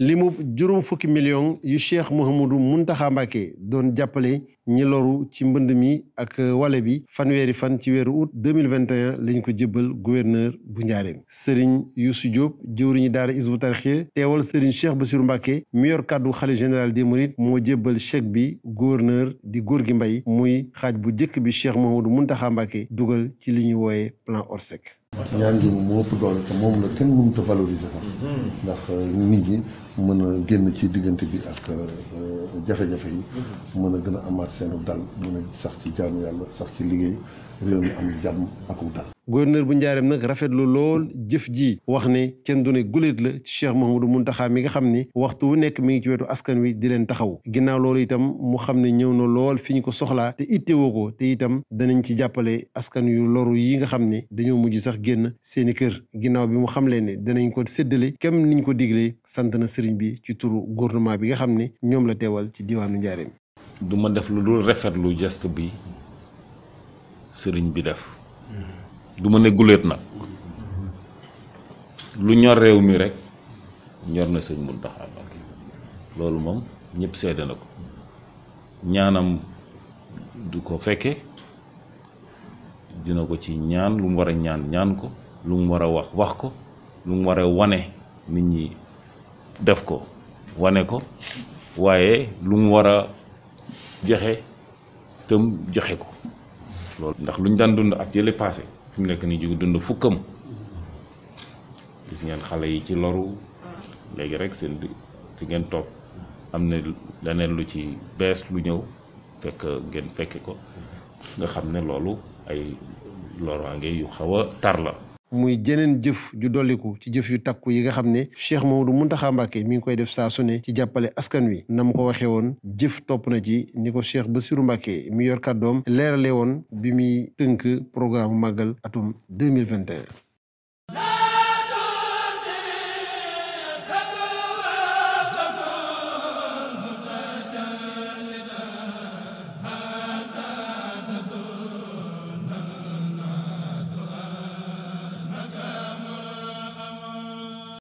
li mu juróom fukki million yu Cheikh Mouhamadou Mountakha Mbacké doon jàppale ñi loru ci mbënd mi ak wale bi fanweeri fan ci weeru août 2021 lañ ko jébbal gouverneur bu Njaareem Serigne yu Diop jëwriñu daara Hizbut Tarqiyyah teewal Serigne Cheikh Bassirou Mbacké mi yor kàddu xalifa général des mourides moo jébbal chèque bi gouverneur di góor gi mbay muy xaaj bu jëkk bi Cheikh Mouhamadou Mountakha Mbacké dugal ci li ñuy wooye plan Orsec ñaan gi moom moo ëpp doole te moom la kenn mënut a valoriser mm-hmm. ndax euh, nit ñi mën a génn ci diggante bi ak euh, euh, jafe-jafe yi mm-hmm. mën a gën a amaat seenu dal mën a sax ci jaamu yàlla sax ci liggéey réew mi am jàmm aku dal gouverneur bu njaareem nag rafetlu lool jëf ji wax ne kenn du ne guléet la ci Cheikh mun Mountakha mi nga xam ni waxtu wu nekk mi ngi ci wetu askan wi di leen taxaw ginnaaw loolu itam mu xam ne ñëw na lool fi ñu ko soxlaa te ko te itam danañ ci jàppale askan yu loru yi nga xam ne dañoo mujj sax génn seeni kër ginnaaw bi mu xam leen ne danañ ko séddale kem niñ ko diglee sant na sëriñ bi ci turu gouvernement bi nga xam ne ñoom la teewal ci diwaanu njaareem du ma def lu dul rafet rafetlu geste bi sëriñ bi def hmm. du ma ne guléet nag lu ñor réew mi rekk ñor na sëñ Muntaxa Mbàkke loolu moom ñëpp seede na ko ñaanam du ko fekke dina ko ci ñaan lu mu war a ñaan ñaan ko lu mu war a wax wax ko lu mu war wane nit ñi def ko wane ko waaye lu mu war a joxe tëm joxe ko loolu ndax lu ñu daan dund ak yële passé fi mu nekk nii jóg dund fukkam gis ngeen xale yi ci loru léegi rek seen fi ngeen toog am na leneen lu ci bees lu ñëw fekk ngeen fekke ko nga xam ne loolu ay loraange yu xaw a tar la muy jeneen jëf ju dolliku ci jëf yu takku yi nga xam ne Cheikh mun Mountakha Mbacké mi ngi koy def saa ne ci jàppale askan wi na mu ko waxee woon jëf topp na ci ni ko Cheikh Bassirou Mbacké mi yor doom leerale woon bi muy tënk programme màggal atum 2021